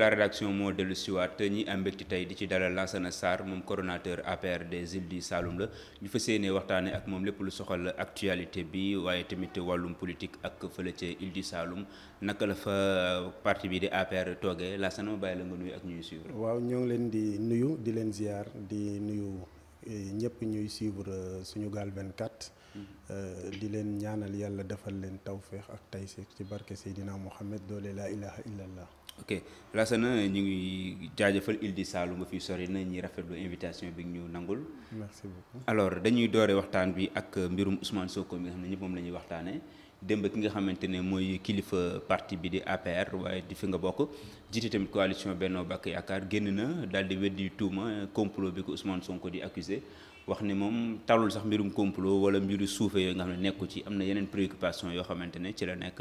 la rédaction moo dellu siwaat ñi am mbégte tey di ci dalal Lansana Sarr moom coordonnateur APR des îles du Saloum la ñu fas yéene waxtaane ak moom lépp lu soxal actualité bi waaye tamit wàllum politique ak fële ca île du Saloum naka la fa parti bi di APR toogee Lansana ma bàyyi la nga nuyu ak ñuy suivre. waaw ñoo ngi leen di nuyu di leen ziar di nuyu eh, ñëpp ñuy suivre eh, Sunugal 24. Mm-hmm. Eh, di leen ñaanal yàlla defal leen tawféex ak tayseex ci barke Seydina Mohamed doole laa ilaha ok na ñu ngi jaajëfal Île du Saloum fi sori na ñi rafetlu invitation bi ñu nangul. merci alors dañuy doore waxtaan bi ak mbirum Ousmane Sonko mi nga xam ne ñëpp moom la ñuy waxtaanee démb ki nga xamante ne mooy kilifa parti bi di APR waaye di fi nga bokk jiite tamit coalition Benno Bokk Yaakaar génn na daal di weddi tuuma complot bi ko Ousmane Sonko di accusé wax ni moom talul sax mbirum complot wala mbiru suufe yooyu nga xam ne nekku ci am na yeneen préoccupation yoo xamante ne ci la nekk.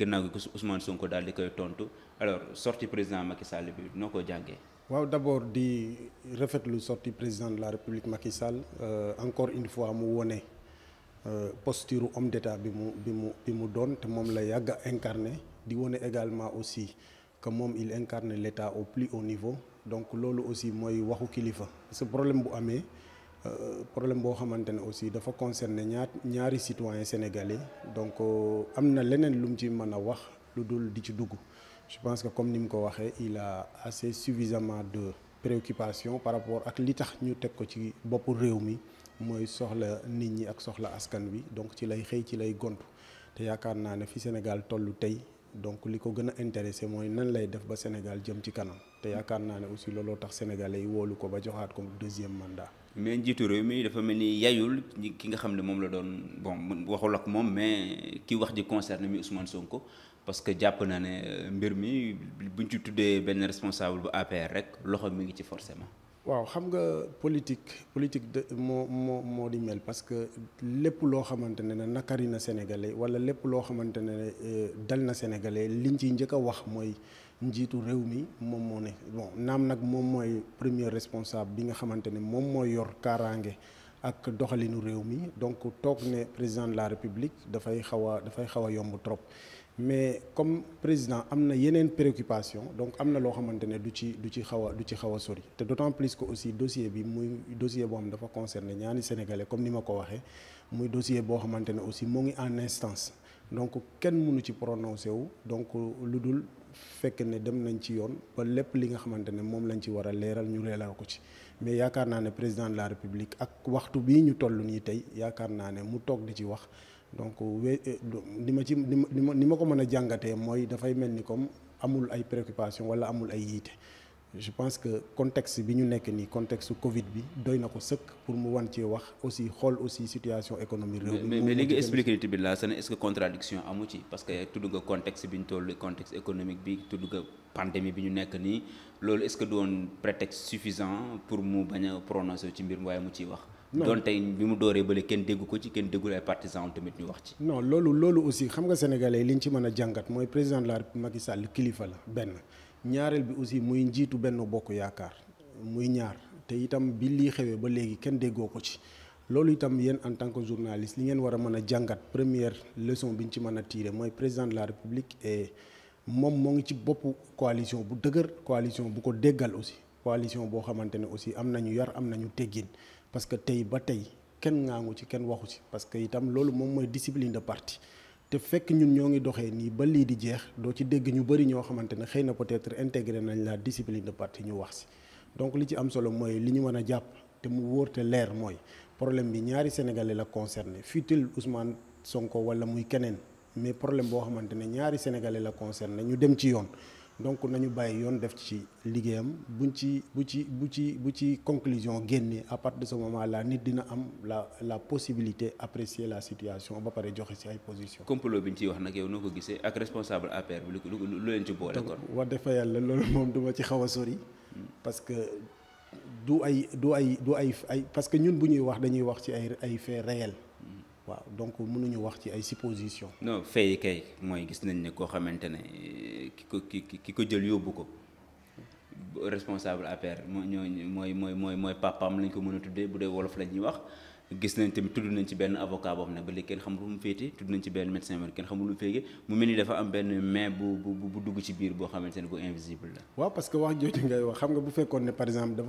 gannaaw gi Ousmane Sonko daal di koy tontu alors sortie président Macky Sall bi noo ko jàngee. waaw d' abord di rafetlu sorti président de la République Macky Sall euh, encore une fois mu wone euh, posture homme d' état bi mu bi mu bi mu doon te moom la yàgg a di wone également aussi que moom il incarne létat au plus haut niveau donc loolu aussi mooy waxu kilifa parce que problème bu amee. Euh, problème boo xamante ne aussi dafa concerner ñaar ñaari citoyen sénégalais donc euh, am na leneen lu mu ci mën a wax lu dul di ci dugg je pense que comme ni mu ko waxee il a assez suffisamment de préoccupation par rapport ak li tax ñu teg ko ci boppu réew mi mooy soxla nit ñi ak soxla askan wi donc ci lay xëy ci lay gontu te yaakaar naa ne fi Sénégal tollu tey donc li ko gën a intéressé mooy nan lay def ba Sénégal jëm ci kanam te yaakaar naa ne aussi looloo tax sénégalais yi woolu ko ba joxaat ko deuxième mandat mais njiitu réew mi dafa mel ni yayul ki nga xam ne moom la doon bon waxul ak moom mais ki wax ji concerne mi Ousmane Sonko parce que jàpp naa ne euh, mbir mi buñ ci tuddee benn responsable bu APR rek loxo mi ngi ci forcément. waaw xam nga politique politique de moo moo moo di mel parce que lépp loo xamante ne nakari na sénégalais wala lépp loo xamante ne euh, dal na sénégalais liñ ci njëkk a wax mooy. njiitu réew mi moom moo ne bon naam nag moom mooy premier responsable bi nga xamante ne moom mooy yor kaaraange ak doxalinu réew mi donc toog ne président de la république dafay xaw a dafay xaw a yomb trop mais comme président am na yeneen préoccupation donc am na loo xamante ne du ci du ci xaw a du ci xaw a sori te d'autant plus que aussi dossier bi muy dossier boo xam dafa concerner ñaani sénégalais comme ni ma ko waxee muy dossier boo xamante ne aussi moo ngi en instance donc kenn mënu ci prononcé wu donc lu dul fekk ne dem nañ ci yoon ba lépp li nga xamante ne moom lañ ci war a leeral ñu leeral ko ci mais yaakaar naa ne président de la république ak waxtu bii ñu toll nii tey yaakaar naa ne mu toog di ci wax donc we eh, ni ma ci ni ma ni ma ko mën a jàngatee mooy dafay mel ni comme amul ay préoccupation wala amul ay yiite je pense que contexte bi ñu nekk nii contexte Covid bi doy na ko sëkk pour mu wan cee wax aussi xool aussi situation économique mi léegi expliqué bi laa seen est-ce que contradiction amu ci parce que tudd nga contexte bi ñu toll bi tudd nga bi ñu nekk nii loolu est-ce que doon prétexte suffisant pour mu bañ a prononcer ci mbir mi waaye mu ciy wax. doon tey bi mu dooree bële kenn déggu ko ci kenn déggul ay partisans tamit ñu wax ci. non loolu loolu aussi xam nga sénégalais li ñu ci mën a jàngat mooy président de la République Macky Sall kilifa la benn. ñaareel bi aussi muy njiitu benn bokk yaakaar muy ñaar te itam bi lii xewee ba léegi kenn déggoo ko ci loolu itam yéen en tant que journaliste li ngeen war a mën a jàngat première leçon bi ñu ci mën a tiire mooy président de la république et moom moo ngi ci bopp coalition bu dëgër coalition bu ko déggal aussi coalition boo xamante ne aussi am nañu yar am nañu teggin parce que tey ba tey kenn ngaangu ci kenn waxu ci parce que itam loolu moom mooy discipline de parti te fekk ñun ñoo ngi doxee nii ba lii di jeex doo ci dégg ñu bëri ñoo xamante ne xëy na peut-être intégré nañ la discipline de parti ñu wax si donc li ci am solo mooy li ñu mën a jàpp te mu wóor te leer mooy problème bi ñaari sénégalais la concerné fût-il Ousmane Sonko wala muy keneen mais problème boo xamante ne ñaari sénégalais la concerné ñu dem ci yoon. donc nañu bàyyi yoon def ci liggéeyam buñ ci bu ci bu ci bu ci conclusion génne à partir de ce moment nit dina am la la possibilité apprécier la situation ba pare joxe ci ay position complot bi ñu ciy wax nag yow noo ko gisee ak responsable APR bi lu lu leen ci boole kon wax dafa yàlla loolu moom duma ci xaw a sori parce que du ay du ay du ay ay parce que ñun bu ñuy wax dañuy wax ci ay ay faits réels waaw donc mënuñu wax ci ay supposition non fay kay mooy gis nañ ne koo xamante ne eh, ki ko ki ki ko jël yóbbu ko responsable APR moo ñooñu mooy mooy mooy mooy papaam lañ ko mën a tuddee bu dee wolof la ñuy wax gis nañ tamit tudd nañ ci benn avocat boobu ne ba léegi kenn xamul mu féete tudd nañ ci benn médecin boobu kenn xamul lu mu féete mu mel ni dafa am benn main bu bu bu dugg ci biir boo xamante ne bu invisible la. waaw parce que wax jooju ngay wax xam bu fekkoon ne par exemple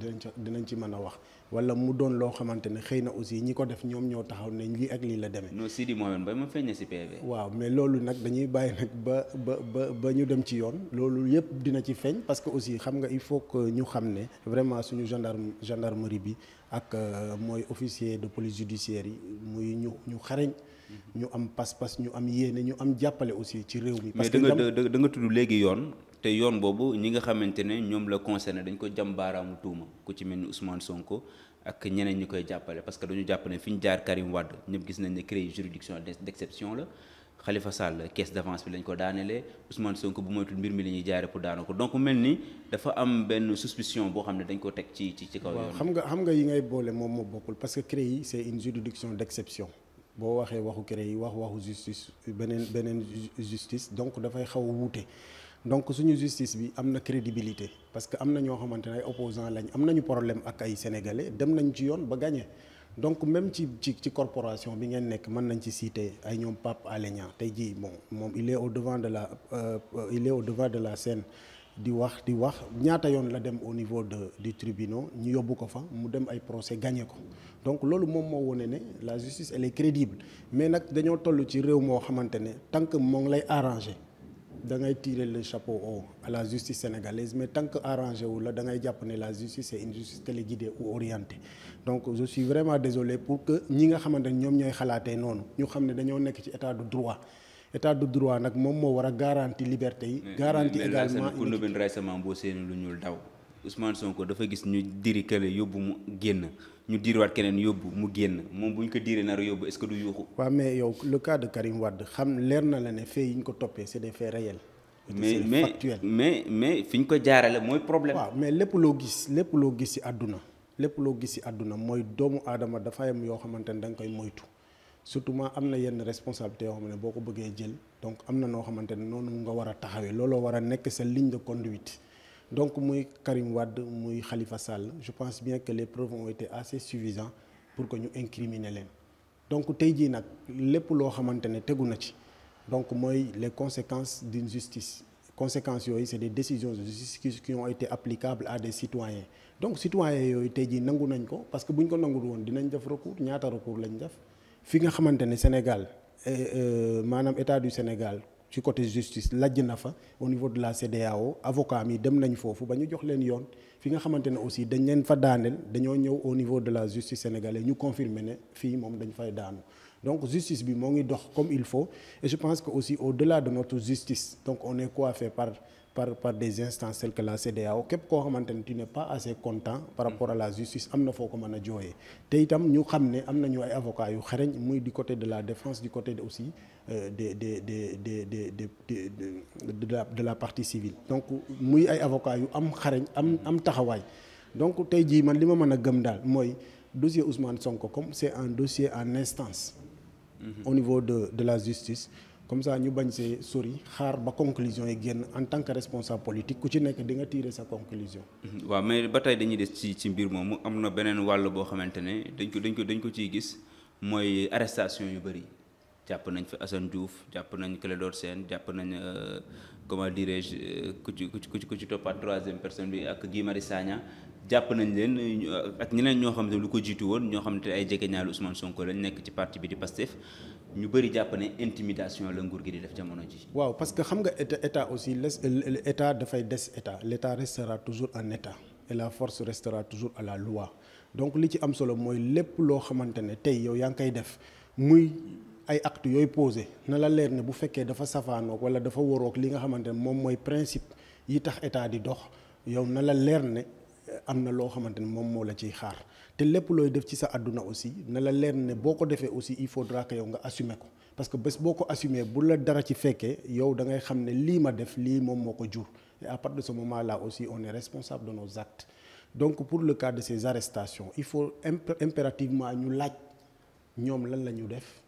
dinañ ca dinañ ci mën a wax wala mu doon loo xamante ne xëy na aussi ñi ko def ñoom ñoo taxaw ne lii ak lii la demee. non Sidi Mohamed Mbaye ma feeñee si PV. waaw mais loolu nag dañuy bàyyi nag ba ba ba ba ñu dem ci yoon loolu yëpp dina ci feeñ parce que aussi xam nga il faut que ñu xam ne vraiment suñu gendarme gendarmerie bi ak euh, mooy officier de police judiciaire yi muy ñu ñu xarañ. Mm-hmm. ñu am pas-pas ñu am yéene ñu am jàppale aussi ci réew mi. parce que da nga da nga tudd léegi yoon. te yoon boobu ñi nga xamante ne ñoom la concerné dañ ko jam baaraamu tuuma ku ci mel ni Ousmane Sonko ak ñeneen ñi koy jàppale parce que dañu jàpp ne fi ñu jaar Karim Wade ñëpp gis nañ ne créer juridiction d'exception la Khalifa Sall caisse d'avance bi lañ ko daaneele Ousmane sonk bu moytul mbir mi la ñuy jaare pour daana ko donc mel ni dafa am benn suspicion boo xam ne dañ ko teg ci ci ci kaw yoon xam nga xam nga yi ngay boole moom moo bokkul parce que CREI c'est une juridiction d'exception boo waxee waxu CREI wax waxu justice beneen beneen justice donc dafay xaw a wuute donc suñu justice bi am na crédibilité parce que am na ñoo xamante ne ay opposants lañ am nañu problème ak ay sénégalais dem nañ ci yoon ba gagné donc même ci ci ci corporation bi ngeen nekk mën nañ ci citer ay ñoom Pape Alé Niang tey jii bon moom il est au devant de la euh, il est au devant de la scène di wax di wax ñaata yoon la dem au niveau de du tribunal ñu yóbbu ko fa mu dem ay procès gagné ko donc loolu moom moo wone ne la justice elle est crédible mais nag dañoo tollu ci réew moo xamante ne tant que moo lay arrangé. da ngay tirer le chapeau la justice sénégalaise mais tant que arrangé wu la da ngay jàpp ne la justice c'est une justice téléguidée ou orientée donc je suis vraiment désolé pour que ñi nga xamante ne ñoom ñooy xalaatee noonu ñu xam ne dañoo nekk ci état de droit état de droit nag moom moo war a garantie liberté yi. garantie également mais boo seen lu ñuul daw Ousmane Sonko dafa gis ñu diri kële yóbbu mu génn. ñu diirwaat keneen yóbbu mu génn moom bu ñu ko diiree nar a yóbbu est-ce que du yuuxu. waaw mais yow le cas Karim Wade xam leer na la ne faits yi ñu ko toppee c'est des faits réels. mais mais mais fi ñu ko jaarale mooy problème. waaw mais lépp loo gis lépp loo gis ci àdduna lépp loo gis ci àdduna mooy doomu aadama dafa am yoo xamante ne da nga koy moytu surtout ma am na yenn responsabilité yoo xam ne boo ko bëggee jël donc am na noo xamante ne noonu nga war a taxawee looloo war a nekk sa ligne de conduite. donc muy Karim Wade muy xalifa Sall je pense bien que les preuves ont été assez suffisantes pour que ñu incriminer leen donc tey jii nag lépp loo xamante ne tegu na ci donc mooy les conséquences d'une justice conséquences yooyu c'est des décisions de justice qui ont été applicables à des citoyens donc citoyens yooyu tey jii nangu nañ ko parce que bu ñu ko nangul woon dinañ def recours ñaata recours lañ def fi nga xamante ne Sénégal eh, euh, maanaam état du Sénégal ci côté justice lajj na fa au niveau de la CEDEAO avocat mi dem nañ foofu ba ñu jox leen yoon fi nga xamante ne aussi dañ leen fa daaneel dañoo ñëw au niveau de la justice sénégalaise ñu confirmer ne fii moom dañ fay daanu donc justice bi moo ngi dox comme il faut et je pense que aussi au-delà de notre justice donc on est coiffé par par par des instances telles que la CEDEAO képp koo xamante ne tu n'es pas assez content par rapport à la justice am na foo ko mën a jooyee te itam ñu xam ne am nañu ay avocats yu xereñ muy du côté de la défense du côté aussi euh, des des des des des de la de la partie civile donc muy ay avocats yu am xareñ am am taxawaay donc tey jii man li ma mën a gëm daal mooy dossier Ousmane Sonko comme c'est un dossier en instance au niveau de de la justice comme ça ñu bañ see sori xaar ba conclusion yi génn en tant que responsable politique ku ci nekk di nga tirer sa conclusion. Mhm. waaw mais ba tey dañuy des ci ci mbir moomu am na beneen wàll boo xamante ne dañ ko dañ ko dañ ko ciy gis mooy arrestation yu bëri jàpp nañ fi Assane Diouf jàpp nañ Clédor seen jàpp nañ euh, comment dirais-je euh, ku ci ku ci ku ci toppaat troisième personne bi ak Guy Marius jàpp nañ leen ak ñeneen ñoo xam ne lu ko jiitu woon ñoo xam te ay jege Ousmane Sonko lañ nekk ci parti bi di Pastef ñu bëri jàpp ne intimidation la nguur gi di def jamono ji. waaw parce que xam nga état aussi les état dafay des état l' état toujours en état et la force restera à la loi donc li ci am solo mooy lépp loo xamante ne tey yow yaa ngi koy def muy ay actes yooyu posé na la leer ne bu fekkee dafa safaanoog wala dafa waroog li nga xamante ne moom mooy principe yi tax état di dox yow na la leer ne am na loo xamante ne moom moo la ciy xaar. te lépp looy def ci sa àdduna aussi na la leer ne boo ko defee aussi il faudra que yow nga assumer ko parce que bés boo ko assumer bu la dara ci fekkee yow da ngay xam ne lii ma def lii moom moo ko jur et à partir de ce moment là aussi on est responsable de nos actes donc pour le cas de ces arrestations il faut impérativement ñu laaj ñoom lan la ñu def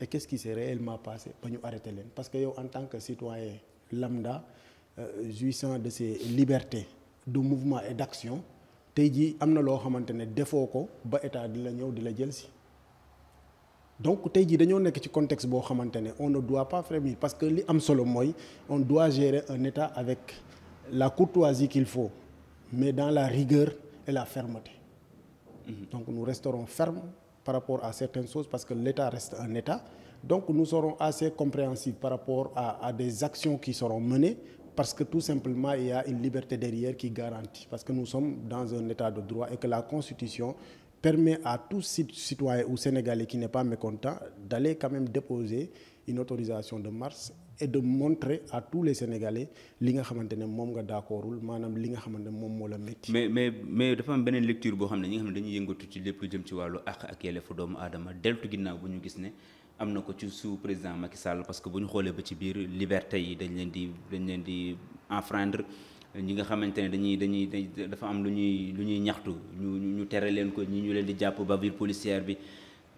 et qu'est-ce qui s'est réellement passé ba ñu arrêté leen parce que yow en tant que citoyen lambda euh, jouissant de ses libertés de mouvement et tey jii am na loo xamante ne defoo ko ba état di la ñëw di la jël si donc tey jii dañoo nekk ci contexte boo xamante ne on ne doit pas frémir parce que li am solo mooy on doit gérer un état avec la courtoisie qu'il faut mais dans la rigueur et la fermeté mhm. donc nu resterons fermes par rapport à certaines choses parce que l'état reste un état donc nous serons assez compréhensifs par rapport à, à des actions qui soron menées parce que tout simplement il y a une liberté derrière qui garantit, parce que nous sommes dans un état de droit et que la Constitution permet à tout citoyen ou Sénégalais qui n'est pas mécontent d'aller quand même déposer une autorisation de marche et de montrer à tous les Sénégalais li nga xamante ne moom nga d'accordul maanaam li nga xamante ne moom moo la métti. mais mais mais dafa am beneen lecture boo xam ne ñi nga xam ne dañuy yëngatu ci lépp lu jëm ci wàllu àq ak yelleefu doomu ginnaaw bu ñu gis ne. am na ko ci sous président Macky Sall parce que bu ñu xoolee ba ci biir liberté yi dañ leen di dañ leen di enfreindre ñi nga xamante ne dañuy dañuy dafa am lu ñuy lu ñuy ñaxtu ñu ñu tere leen ko ñi ñu leen di jàpp bavure policière bi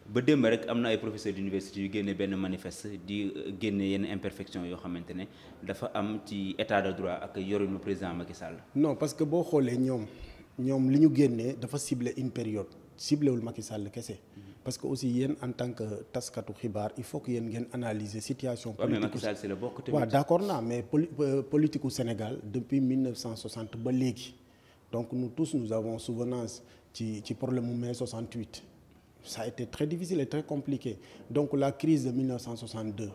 ba démb rek am na ay professeur d'université yu génne benn manifeste di euh, génne yenn imperfection yoo xamante ne dafa am ci état de droit ak yorinu président Macky Sall. non parce que boo xoolee ñoom ñoom li ñu génnee dafa ciblé une période ciblé wul Macky Sall kese. Mm-hmm. parce que aussi yéen en tant que taskatu xibaar il faut que yéen ngeen analyser situation politique waaw d'accord naa mais euh, politique u Sénégal depuis 1960 ba léegi donc nous tous nous avons souvenance ci ci problème mu mai 68 ça a été très difficile et très compliqué donc la crise de 1962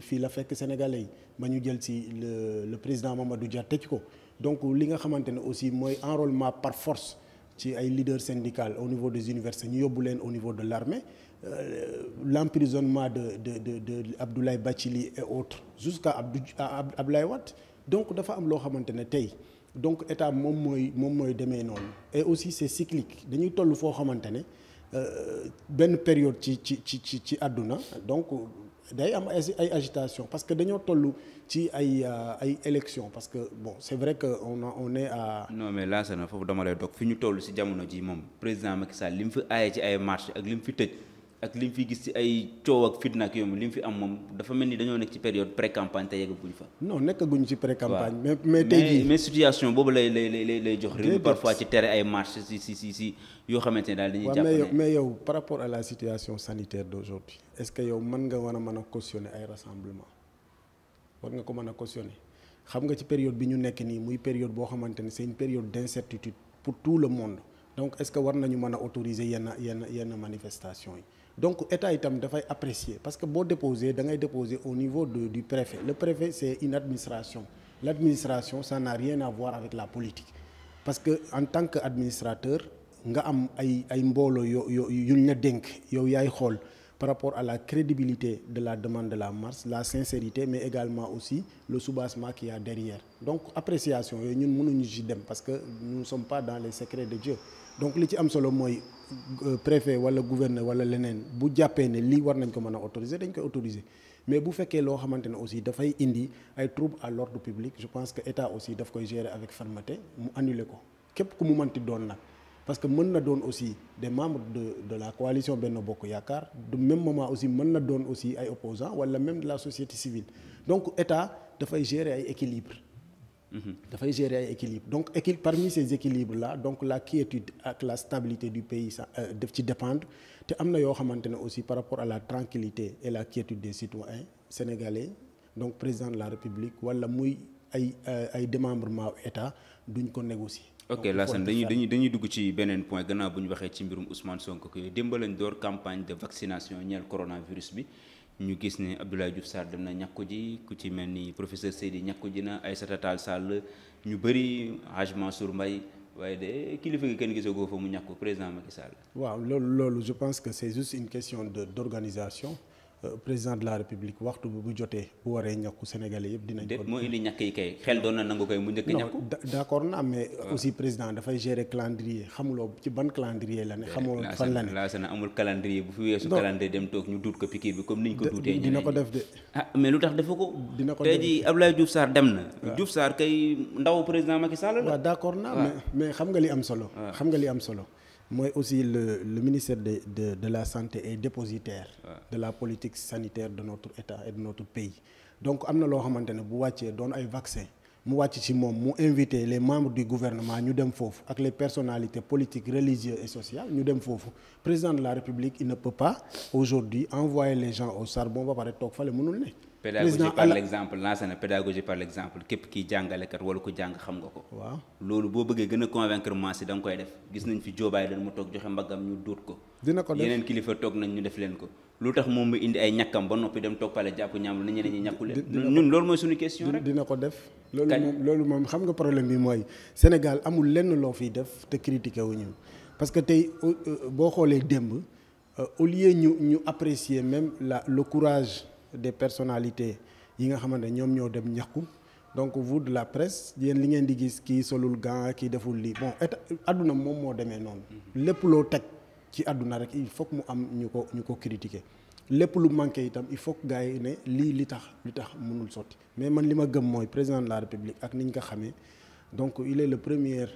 fii la fekk sénégalais yi ba ñu jël ci le le président Mamadou Dia tëj ko donc li nga xamante ne aussi mooy enrolement par force ci ay leader syndical au niveau des universités ñu yóbbu leen au niveau de l'armée euh, l'emprisonnement de de de de Abdoulaye Bathily et autres jusqu'à Abdou Abdoulaye Wade donc dafa am loo xamante ne tey donc état moom mooy moom mooy demee noonu et aussi c'est cyclique dañuy toll foo xamante ne euh, benn période ci ci ci ci àdduna donc day am ay agitation parce que dañoo toll ci ay euh, ay élection parce que bon c'est vrai que on on est à. non mais na foofu dama lay dog fi ñu toll si jamono ji moom président Macky Sall li mu fi aaye ci ay marché ak li mu fi tëj. ak li mu fi gis ci ay coow ak fitna ak yooyu li mu fi am moom dafa mel ni dañoo nekk ci période pré campagne te yeggaguñ fa. non nekkaguñ ci pré campagne. mais mais tey jii mais situation boobu lay lay lay lay jox. réew mi parfois ci tere ay marche si si si si yoo xamante ne daal dañuy. jàpp ne mais yow par rapport à la situation sanitaire d'aujourd'hui est-ce que yow mën nga war a mën a cautionner ay rassemblement war nga ko mën a cautionner xam nga ci période bi ñu nekk nii muy période boo xamante ne c'est une période d'incertitude pour tout le monde donc est-ce que war nañu mën a autoriser yenn yenn yenn manifestation yi. donc état itam dafay apprécier parce que boo déposé dangay ngay déposé au niveau de du préfet le préfet c'est une administration l'administration ça n'a rien à voir avec la politique parce que en tant que administrateur nga am ay ay mbooloo yo yo yuñ dénk yow yaay xool par rapport à la crédibilité de la demande de la marche la sincérité mais également aussi le soubassement qu'il y a derrière donc appréciation yooyu ñun mënuñu ci dem parce que nous ne pas dans les secrets de Dieu donc li ci am solo mooy préfet wala gouverneur wala leneen bu jàppee ne lii war nañ ko mën a autoriser dañ koy autorisé mais bu fekkee loo xamante ne aussi dafay indi ay trouble à l'ordre public je pense que état aussi daf koy gérer avec fermeté mu annule ko képp ku mu manti doon nag parce que mën na doon aussi des membre de de la coalition Benno Bokk Yaakaar du même moment aussi mën na doon aussi ay opposants wala même de la société civile donc état dafay gérer ay équilibre dafay gérer ay équilibre donc équil parmi ces équilibres là donc la quiétude ak la stabilité du pays sax euh, def ci dépendre te am na yoo xamante ne aussi par rapport à la tranquillité et la quiétude des citoyens sénégalais donc président de la république wala muy ay euh, ay démembrement état duñ ko négocier. ok Lassane dañuy dañuy dañuy dugg ci beneen point gannaaw bu ñu waxee ci mbirum Ousmane Sonko démb lañ door campagne de vaccination ñeel coronavirus bi. ñu gis ne Abdoulaye Diouf Sarr dem na ñàkku ji ku ci mel ni professeur Seydi ñàkku ji na ay satatal Sall ñu bëri Hadj Mansour mbay waaye de kilifa gi kenn gisagoo fa mu ñàkku président Macky Sall. waaw loolu loolu je pense que c'est juste une question de d'organisation. Euh, président de la république waxtu bu jotee bu waree ñàkku sénégalais yëpp dinañ ko moo indi ñàkk yi kay xel doon na nangu koy mu njëkk ñàkku d'accord na mais aussi président la ne eh, xamoo fan la ne laasana amul calendrier bu fi weesu calendrier ko pikiir bi comme niñ ko duutee dina ko def de ah mais lu ko dina ko tey ji Abdoulaye Diouf Sarr président Macky Sall la waaw na mais mais xam nga li am solo xam nga li am solo mooy aussi le le ministère de de de la santé et dépositaire. Ah. de la politique sanitaire de notre état et de notre pays. donc am na loo xamante ne bu wàccee doon ay vaccin mu wàcc ci moom mu invité les membres du gouvernement ñu dem foofu ak les personnalités politiques religieuses et sociales ñu dem foofu président de la république il ne peut pas aujourd'hui envoyer les gens au charbon ba pare toog fale mënul ne. pédagogie par l'exemple lancé na pédagogie par l'exemple képp kiy jàngalekat wala ku jàng xam nga ko. waaw loolu boo bëggee gën a convaincre masse yi da koy def gis nañ fi joobaay dañ toog joxe ñu duut ko. ko def yeneen kilifa toog nañ ñu def leen ko. ba noppi dem toog pale jàpp ñaam na ñeneen ñi loolu ko def moom loolu moom xam nga problème bi mooy Sénégal amul lenn loo fiy def te critiqué wu ñu parce que tey euh, euh, boo xoolee démb euh, au lieu ñu ñu apprécier même la le courage des personnalités yi nga xamante ne ñoom ñoo dem ñaxku donc vous de la presse yéen li ngeen di gis kii solul gant kii deful lii bon état àdduna moom moo demee noonu. Mhm. lépp loo teg ci àdduna rek il faut mu am ñu ko ñu ko critiquer lépp lu manqué itam il faut que gars yi ne lii li tax li tax mënul sotti mais man li ma gëm mooy président la république ak ni ñu ko xamee donc il est le premier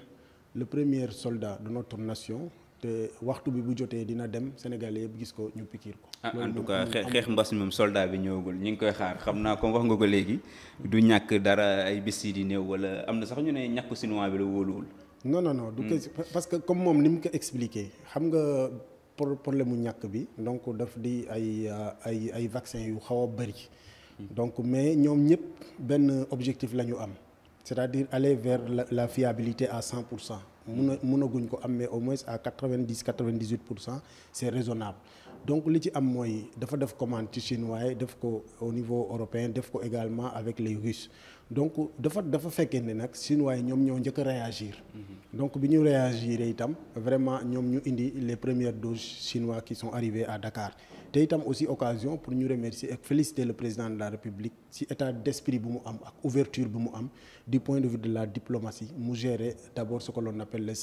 le premier soldat de notre nation. te waxtu bi bu jotee dina dem sénégal yëpp gis ko ñu pikiir ko. Ah, en tout xeex mbas moom soldat bi ñëwagul ñu ngi koy xaar xam naa ko wax nga ko léegi du ñàkk dara ay bés yi néew wala am na sax ñu ne ñàkku chinois bi la wóoluwul. non non non du ko hmm. parce que comme moom ni mu ko expliqué xam nga problème mu ñàkk bi donc daf di ay ay ay vaccin yu xaw a bëri. Hmm. donc mais ñoom ñëpp benn objectif la ñu am. c'est-à-dire aller vers la fiabilité à cent pour cent. mun a munaguñ ko am mais au moins à quatre vingt dix quatre vingt dix huit pour cent c' est donc li ci am mooy dafa def commande ci chinois yi def ko au niveau européen def ko également avec les russes donc dafa dafa fekke ne nag chinois yi ñoom ñoo njëkk a réagir mhm. donc bi ñu réagir itam vraiment ñoom ñu indi les premières doses chinois qui sont arrivées à Dakar te tam aussi occasion pour ñu remercier ak féliciter le président de la République ci état d'esprit bu mu am ak ouverture bi mu am du point de vue de la diplomatie mu gérer d'abord ce que l'on appelle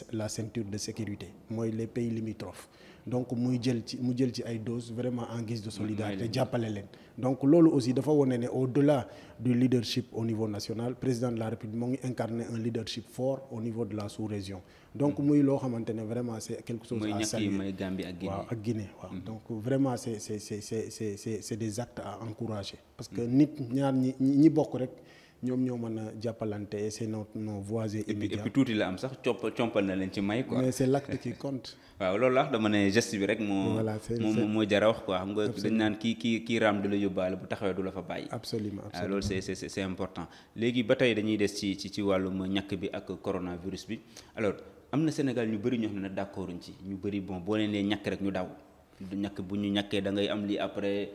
de sécurité mooy les pays limitrophes donc muy jël ci mu jël ci ay dose vraiment en guise de solidarité jàppale leen donc loolu aussi dafa wone ne au-delà du leadership au niveau national président de la République moo ngi incarné un leadership fort au niveau de la sous-région donc muy loo xamante ne vraiment c'est quelque chose à saluer mooy Gambie ak Guinée waaw ak Guinée waaw mm-hmm. donc vraiment c'est c'est c'est c'est c'est des actes à encourager parce que mm-hmm. nit ñaar ñi ñi bokk rek ñoom ñoo mën a jàppalante c' est nos nos voisins tuuti la am sax compal na leen ci may quoi. l' acte qui compte. waaw loolu laax dama ne geste bi rek. moo moo moo jar a wax xam nga dañ naan kii kii kii raam du la yóbbaale bu taxawee du fa bàyyi. absolument absolument loolu c' est c' est important. léegi ba tey dañuy des ci ci ci wàllum ñàkk bi ak coronavirus bi alors am na Sénégal ñu bëri ñoo xam ne na accord ci ñu bëri bon boo leen nee ñàkk rek ñu daw ñàkk bu ñu ñàkkee da ngay am lii après.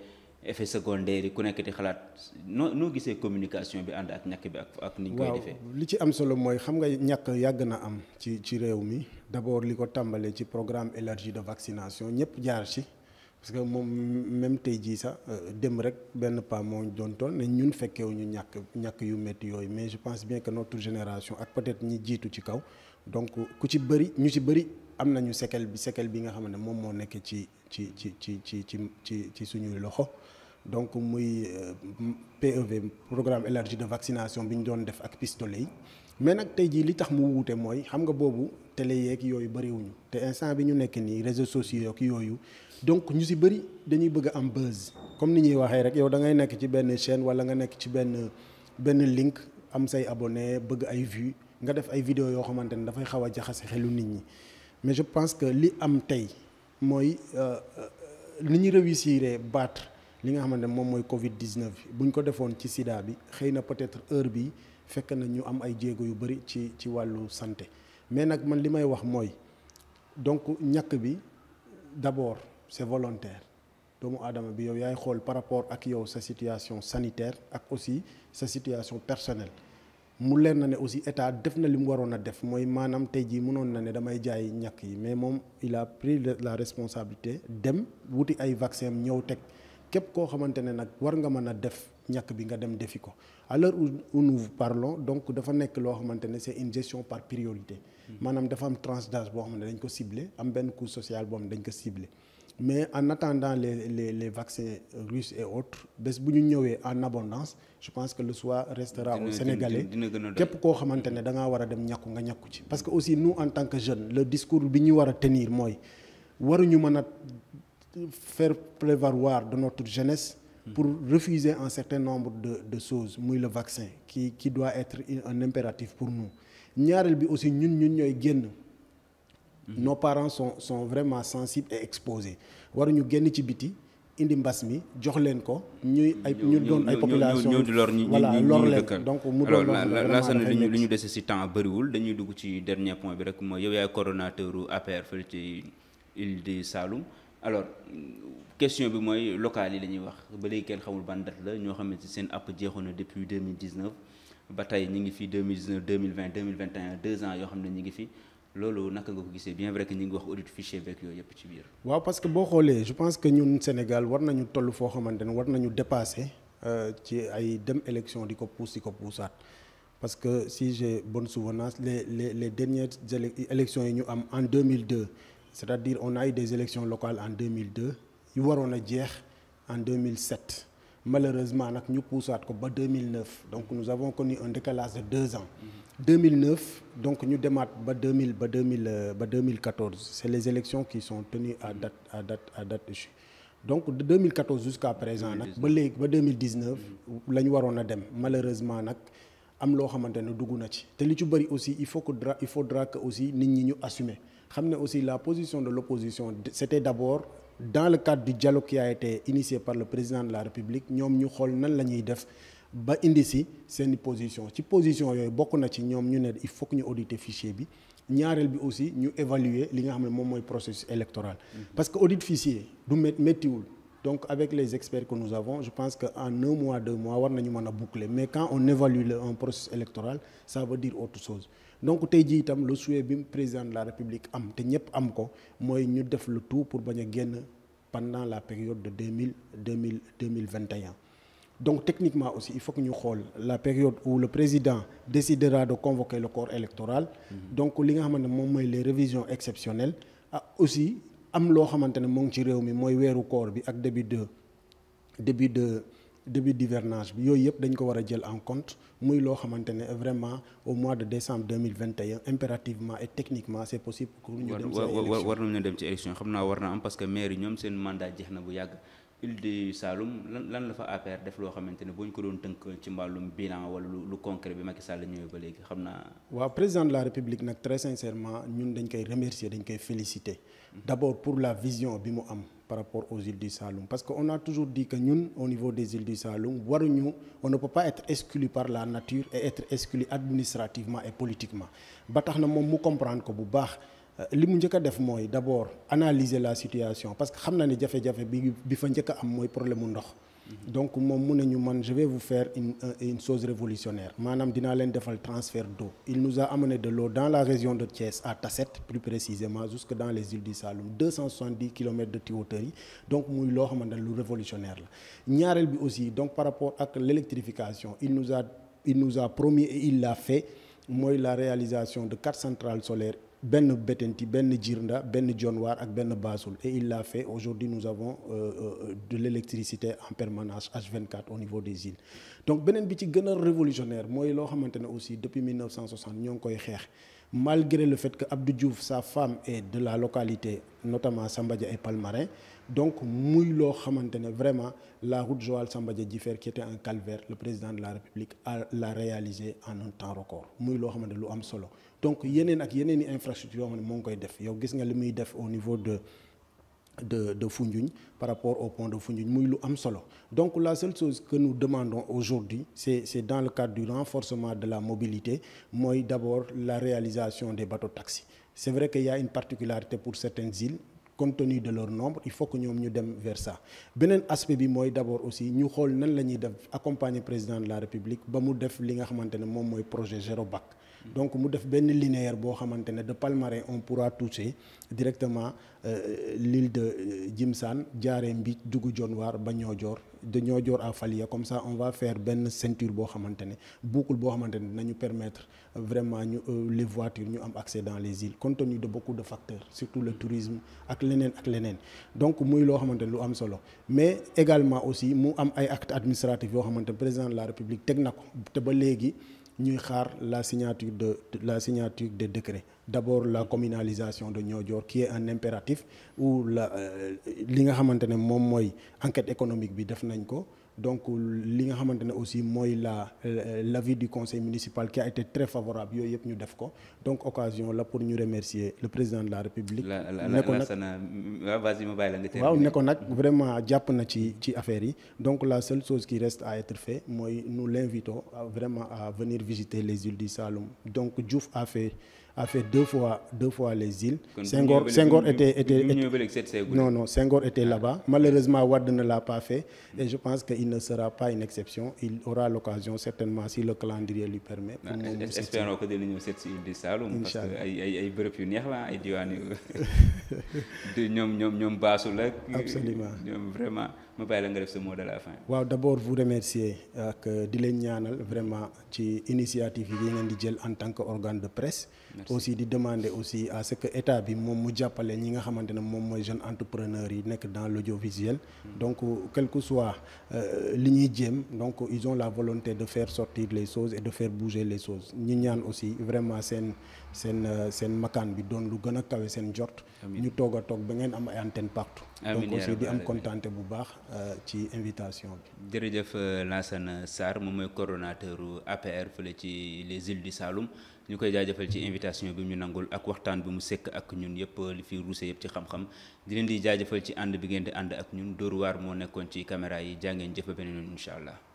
effet secondaire yi ku nekk di xalaat noo noo gisee communication bi ànd ak ñàkk bi ak niñ koy defee li ci am solo mooy xam nga ñàkk yàgg na am ci ci réew mi d'abord li ko tàmbalee ci programme élargi de vaccination ñëpp jaar ci parce que moom même tey jii sax euh, dem rek benn pas moo doon toll ne ñun fekkewuñu ñàkk ñàkk yu métti yooyu mais je pense bien que notre génération ak peut-être ñi jiitu ci kaw donc ku ci bëri ñu ci bëri am nañu séquelle bi séquelle bi nga xam ne moom moo nekk ci ci ci ci ci ci ci ci suñuy loxo donc muy euh, PEV programme élargi de vaccination bi ñu doon def ak pistole yi mais nag tey jii li tax mu wuute mooy xam nga boobu télé yeeg yooyu bariwuñu te instant bi ñu nekk nii réseau sociaux ak yooyu donc ñu si bëri dañuy bëgg am buzz comme ni ñuy waxee rek yow da ngay nekk ci benn chaîne wala nga nekk ci benn benn link am say abonné bëgg ay vues nga def ay vidéo yoo xamante ne dafay xaw a jaxase xelu nit ñi mais je pense que li am tey mooy li euh, euh, ñu réussir baat li nga xamante ne moom mooy Covid 19 bi bu ko defoon ci sidaa bi xëy na peut-être heure bi fekk na ñu am ay jéego yu bëri ci ci wàllu santé mais nag man li may wax mooy donc ñàkk bi d'abord c'est volontaire doomu aadama bi yow yaay xool par rapport ak yow sa situation sanitaire ak aussi sa situation personnel mu leen na ne aussi état def na li mu waroon a def mooy maanaam tey jii mënoon na ne damay jaay ñàkk yi mais moom il a pris la responsabilité dem wuti ay vaccin ñëw teg képp koo xamante ne nag war nga mën a def ñàkk bi nga dem defi ko à l'heure où nous parlons donc dafa nekk loo xamante ne c'est une gestion par priorité hmm. maanaam dafa am tranche d'âge boo xam ne dañ ko ciblé am benn coût social boo xam dañ ko ciblé mais en attendant les les les vaccins russes et autres bés bu ñu ñëwee en abondance je pense que le choix restera au Sénégalais képp koo xamante ne da ngaa war a dem ñàkku nga ñàkku ci parce que aussi nous en tant que jeunes le discours bi ñu war a tenir mooy waruñu mën a faire prévaloir de notre jeunesse hmm. pour refuser un certain nombre de de choses muy le vaccin qui qui doit être un impératif pour nous ñaareel bi aussi ñun ñun ñooy génn Mm-hmm. nos parents sont sont vraiment sensibles et exposés ñu génn ci biti indi mbas mi jox leen ko ñuy ay ñu doon ay population ñëw di lor ñi ñi lor leen donc ñu dese si temps bëriwul dañuy dugg ci dernier point bi rek mooy yow yaay coordonnateur APR fële ci Île du Saloum alors question bi mooy locales yi la ñuy wax ba léegi kenn xamul ban la ñoo xamante seen app jeexoon na depuis 2019 ba tey ñu ngi fi 2019 2020 2021 deux ans yoo xam ne ñu ngi fi loolu naka nga ko gisee bien vrai que ñu ngi wax audit fichier beeg yooyu yëpp ci biir. waaw parce que boo xoolee je pense que ñun Sénégal war nañu toll foo xamante ne war nañu dépasser euh, ci ay dem élection di ko pousse di ko poussaat parce que si j'ai bonne souvenance les le les dernières élections yi ñu am en 2002 c'est-à-dire on a eu des élections locales en 2002 yu waroon a jeex en 2007. malheureusement nag ñu poussaat ko ba 2009 donc nous avons connu un décalage de deux ans 2009 donc ñu demaat ba 2000 ba 2000 euh, ba 2014 c'est les élections qui sont tenues à date à date à date échue donc de 2014 jusqu'à présent nag ba léegi ba 2019 la ñu waroon a dem malheureusement nag am loo xamante ne dugg na ci te li ci bëri aussi il faut que il faudra que aussi nit ñi ñu assumé xam ne aussi la position de l'opposition c'était d'abord dans le cadre du dialogue qui a initié par le président de la République ñoom ñu xool nan la ñuy def ba indi si seen position ci position yooyu bokk na ci ñoom ñu ne il faut que ñu auditer fichier bi ñaareel bi aussi ñu évaluer li nga xam ne moom mooy processus électoral mm-hmm. parce que audit fichier du méttiwul donc avec les experts que nous avons je pense que en un mois de mois war nañu mën a boucler mais quand on évalue le un processus électoral ça veut dire autre chose donc tey jii itam le souhait bi président de la république am te ñëpp am ko mooy ñu def le tout pour bañ a génn pendant la période de 2000 2000 2021 donc techniquement aussi il faut que ñu xool la période ou le président décidera de convoquer le corps électoral mm-hmm. donc li nga xamante ne moom mooy les révision exceptionnelles ah aussi am loo xamante ne mu ngi ci réew mi mooy weeru koor bi ak début de début de début d'hivernage bi yooyu yëpp dañ ko war a jël en compte muy loo xamante ne vraiment au mois de décembre deux mille vingt et un impérativement et techniquement c' possible. pour ñu dem ci élection war nañu dem ci élection xam naa war na am parce que maire yi ñoom seen mandat jeex na bu yàgg. île du Saloum lan lan la fa APR def loo xamante ne bu ñu ko doon tënk ci mbàllum bilan wala lu lu concret bi Macky Sall ñëwee ba léegi xam naa. waaw président de la République nag très sincèrement ñun dañ koy remercier dañ koy féliciter mm-hmm. d'abord pour la vision bi mu am par rapport aux îles du Saloum parce que on a toujours dit que ñun au niveau des îles du Saloum waruñu on ne pas être exclu par la nature et être exclu administrativement et politiquement ba tax na moom mu comprendre ko bu baax. Euh, li mu njëkk def mooy d'abord analyser la situation parce que xam na ne jafe-jafe bi bi fa njëkk am mooy problème mu ndox mhm. donc moom mu ne ñu man je vais vous faire une une chose révolutionnaire maanaam dinaa leen defal transfert d'eau il nous a amené de l'eau dans la région de Thiès à Tassette plus précisément jusque dans les îles du Saloum 270 kilomètres de tuyauterie yi donc muy loo xamante ne lu révolutionnaire la ñaareel bi aussi donc par rapport ak l'électrification il nous a il il l'a fait mooy la réalisation de quatre centrales solaires benn Bettenty benn Djirnda benn Dionewar ak benn Bassoul et il l'a fait aujourd'hui nous avons euh, euh de l'électricité en permanence H24 au niveau des îles donc beneen bi ci gën a révolutionnaire mooy loo xamante ne aussi depuis 1960 ñoo ngi koy xeex malgré le fait que Abdou jouf sa femme est de la localité notamment Sambadia et Palmarin donc muy loo xamante ne vraiment la route sa Sambadia Jifeer qui en un calvaire le président de la République a la réalisé en un temps record muy loo xamante lu am solo donc yeneen ak yeneen i infrastructure yoo xam moo ngi koy def yow gis nga li muy def au niveau de de de Foundiougne par rapport au pont de Foundiougne muy lu am solo donc la seule chose que nous demandons aujourd'hui c'est c'est dans le cadre du renforcement de la mobilité mooy d'abord la réalisation des bateaux taxis c'est vrai que y a une particularité pour certaines îles compte tenu de leur nombre il faut que ñoom ñu dem vers ça beneen aspect bi mooy d'abord aussi ñu xool nan la ñuy def accompagner président la République ba mu def li nga xamante ne moom mooy projet zéro donc mu def benn linéaire boo xamante ne de Palmarin on pourra toucher directement euh, l'île de euh, Jimsaan jaaree Mbij dugg waar ba Niodior de Niodior à Falia comme ça on va faire benn ceinture boo xamante ne boucle boo xamante ne dinañu permettre euh, vraiment ñu euh, les voitures ñu am accès dans les îles compte tenu de beaucoup de facteurs surtout le tourisme ak leneen ak leneen donc muy loo xamante ne lu am solo mais également aussi mu am ay actes administratifs yoo xamante ne président de la République teg na ko te léegi. ñuy xaar la signature de la signature des décrets d'abord la communalisation de Niodior qui est un impératif ou la euh, li nga xamante ne moom mooy enquête économique bi def nañ ko donc li nga xamante ne aussi mooy la euh, l'avis du conseil municipal ki a été très favorable yooyu yëpp ñu def ko donc occasion la pour ñu remercier le président de la république. ne ko nag waaw ne ko nag vraiment jàpp na ci ci affaire yi donc la seule chose qui reste à être fait mooy nous l'invitons vraiment à venir visiter les îles di saalum donc Diouf a a fait deux fois deux fois les îles. Senghor Senghor était était non non Senghor était ah. là-bas malheureusement Wade l'a pas fait et je pense que il ne sera pas une exception il aura l'occasion certainement si le calendrier lui permet. pour mu ah, mu espérons que dina ñëw seet si île du Saloum. parce que ay ay ay bërëb yu neex la ay diwaan yu ñoom ñoom ñoom baasu la. absolument vraiment. ma bàyyi la nga def sa mot de la fin. waaw d' abord vous remercier di leen ñaanal vraiment ci initiative yi ngeen di jël en tant que organe de presse. aussi di demander aussi à ce que état bi moom mu jàppale ñi nga xamante ne moom mooy jeune entrepreneur yi nekk dans l' audiovisuel. Hmm. donc quel que soit euh, li ñuy jéem donc ils ont la volonté de faire sortir les choses et de faire bouger les choses ñu ñaan aussi vraiment seen. seen euh, seen makaan bi doon lu gën a kawe seen jot ñu toog a toog ba ngeen am ay antenne partout donc aussi di am kontaante bu baax euh, ci invitation bi jërëjëf euh, Lansana Sarr moom mooy coordonnateur APR fële ci les îles du Saloum ñu koy jaajëfal ci invitation bi ñu nangul ak waxtaan bi mu sekk ak ñun yëpp li fi ruuse yëpp ci xam-xam di leen di jaajëfal ci ànd bi ngeen di ànd ak ñun Dóor waar moo nekkoon ci caméra yi jàngeen ngeen jëf ba beneen yoon allah